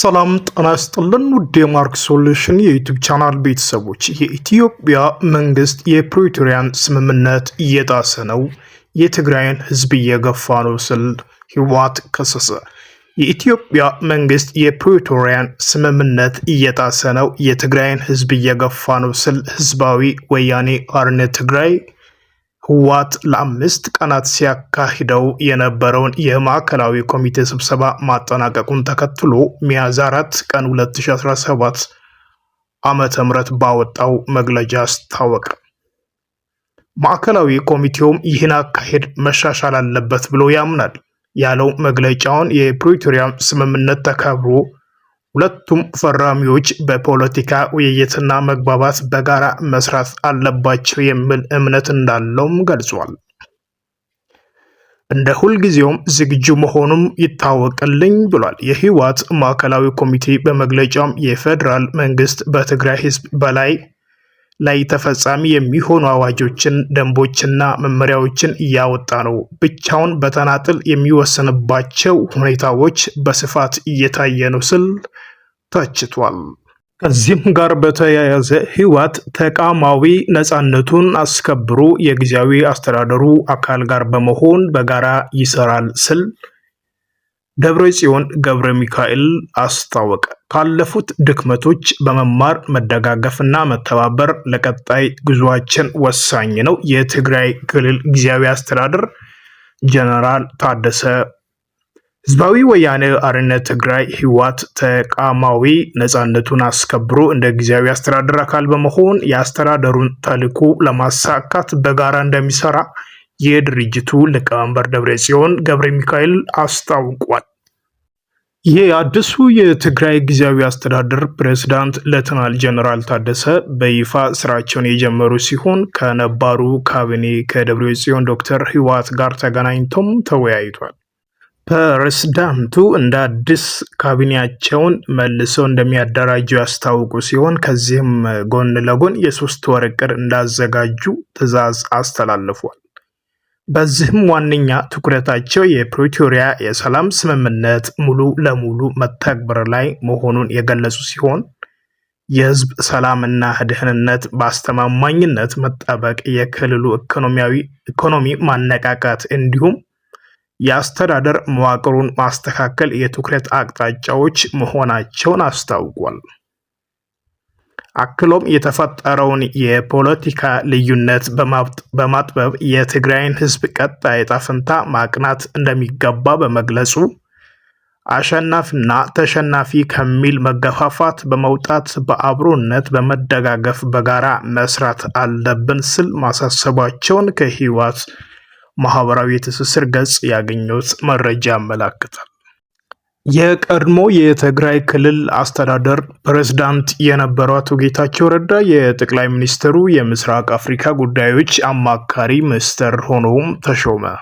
ሰላም ጤና ይስጥልን ውድ የማርክ ሶሉሽን የዩቱብ ቻናል ቤተሰቦች፣ የኢትዮጵያ መንግስት የፕሪቶሪያን ስምምነት እየጣሰ ነው፣ የትግራይን ህዝብ እየገፋ ነው ስል ህወሓት ከሰሰ። የኢትዮጵያ መንግስት የፕሪቶሪያን ስምምነት እየጣሰ ነው፣ የትግራይን ህዝብ እየገፋ ነው ስል ህዝባዊ ወያኔ ሓርነት ትግራይ ህወሓት ለአምስት ቀናት ሲያካሂደው የነበረውን የማዕከላዊ ኮሚቴ ስብሰባ ማጠናቀቁን ተከትሎ ሚያዝያ 4 ቀን 2017 ዓመተ ምህረት ባወጣው መግለጫ አስታወቀ። ማዕከላዊ ኮሚቴውም ይህን አካሄድ መሻሻል አለበት ብሎ ያምናል ያለው መግለጫውን የፕሪቶሪያም ስምምነት ተከብሮ ሁለቱም ፈራሚዎች በፖለቲካ ውይይትና መግባባት በጋራ መስራት አለባቸው የሚል እምነት እንዳለውም ገልጿል። እንደ ሁልጊዜውም ዝግጁ መሆኑም ይታወቅልኝ ብሏል። የህወሓት ማዕከላዊ ኮሚቴ በመግለጫውም የፌዴራል መንግስት በትግራይ ህዝብ በላይ ላይ ተፈጻሚ የሚሆኑ አዋጆችን፣ ደንቦችና መመሪያዎችን እያወጣ ነው። ብቻውን በተናጥል የሚወሰንባቸው ሁኔታዎች በስፋት እየታየ ነው ስል ተችቷል። ከዚህም ጋር በተያያዘ ህወሓት ተቋማዊ ነፃነቱን አስከብሮ የጊዜያዊ አስተዳደሩ አካል ጋር በመሆን በጋራ ይሰራል ስል ደብረ ጽዮን ገብረ ሚካኤል አስታወቀ። ካለፉት ድክመቶች በመማር መደጋገፍና መተባበር ለቀጣይ ጉዟችን ወሳኝ ነው። የትግራይ ክልል ጊዜያዊ አስተዳደር ጀነራል ታደሰ ህዝባዊ ወያነ አርነት ትግራይ ህወሓት ተቋማዊ ነፃነቱን አስከብሮ እንደ ጊዜያዊ አስተዳደር አካል በመሆን የአስተዳደሩን ተልዕኮ ለማሳካት በጋራ እንደሚሰራ የድርጅቱ ሊቀመንበር ደብረጽዮን ገብረ ሚካኤል አስታውቋል። የአዲሱ የትግራይ ጊዜያዊ አስተዳደር ፕሬዝዳንት ሌተናል ጀነራል ታደሰ በይፋ ስራቸውን የጀመሩ ሲሆን ከነባሩ ካቢኔ ጽዮን ዶክተር ህወሓት ጋር ተገናኝቶም ተወያይቷል። ፕሬዝዳንቱ እንደ አዲስ ካቢኔያቸውን መልሰው እንደሚያደራጁ ያስታውቁ ሲሆን ከዚህም ጎን ለጎን የሶስት ወር እቅድ እንዳዘጋጁ ትዕዛዝ አስተላልፏል። በዚህም ዋነኛ ትኩረታቸው የፕሪቶሪያ የሰላም ስምምነት ሙሉ ለሙሉ መተግበር ላይ መሆኑን የገለጹ ሲሆን የህዝብ ሰላምና ደህንነት በአስተማማኝነት መጠበቅ፣ የክልሉ ኢኮኖሚ ማነቃቃት እንዲሁም የአስተዳደር መዋቅሩን ማስተካከል የትኩረት አቅጣጫዎች መሆናቸውን አስታውቋል። አክሎም የተፈጠረውን የፖለቲካ ልዩነት በማጥበብ የትግራይን ህዝብ ቀጣይ ዕጣ ፈንታ ማቅናት እንደሚገባ በመግለጹ አሸናፊና ተሸናፊ ከሚል መገፋፋት በመውጣት በአብሮነት በመደጋገፍ በጋራ መስራት አለብን ስል ማሳሰባቸውን ከህወሓት ማህበራዊ የትስስር ገጽ ያገኘሁት መረጃ ያመላክታል። የቀድሞ የትግራይ ክልል አስተዳደር ፕሬዝዳንት የነበሩ አቶ ጌታቸው ረዳ የጠቅላይ ሚኒስትሩ የምስራቅ አፍሪካ ጉዳዮች አማካሪ ሚኒስትር ሆነውም ተሾመ።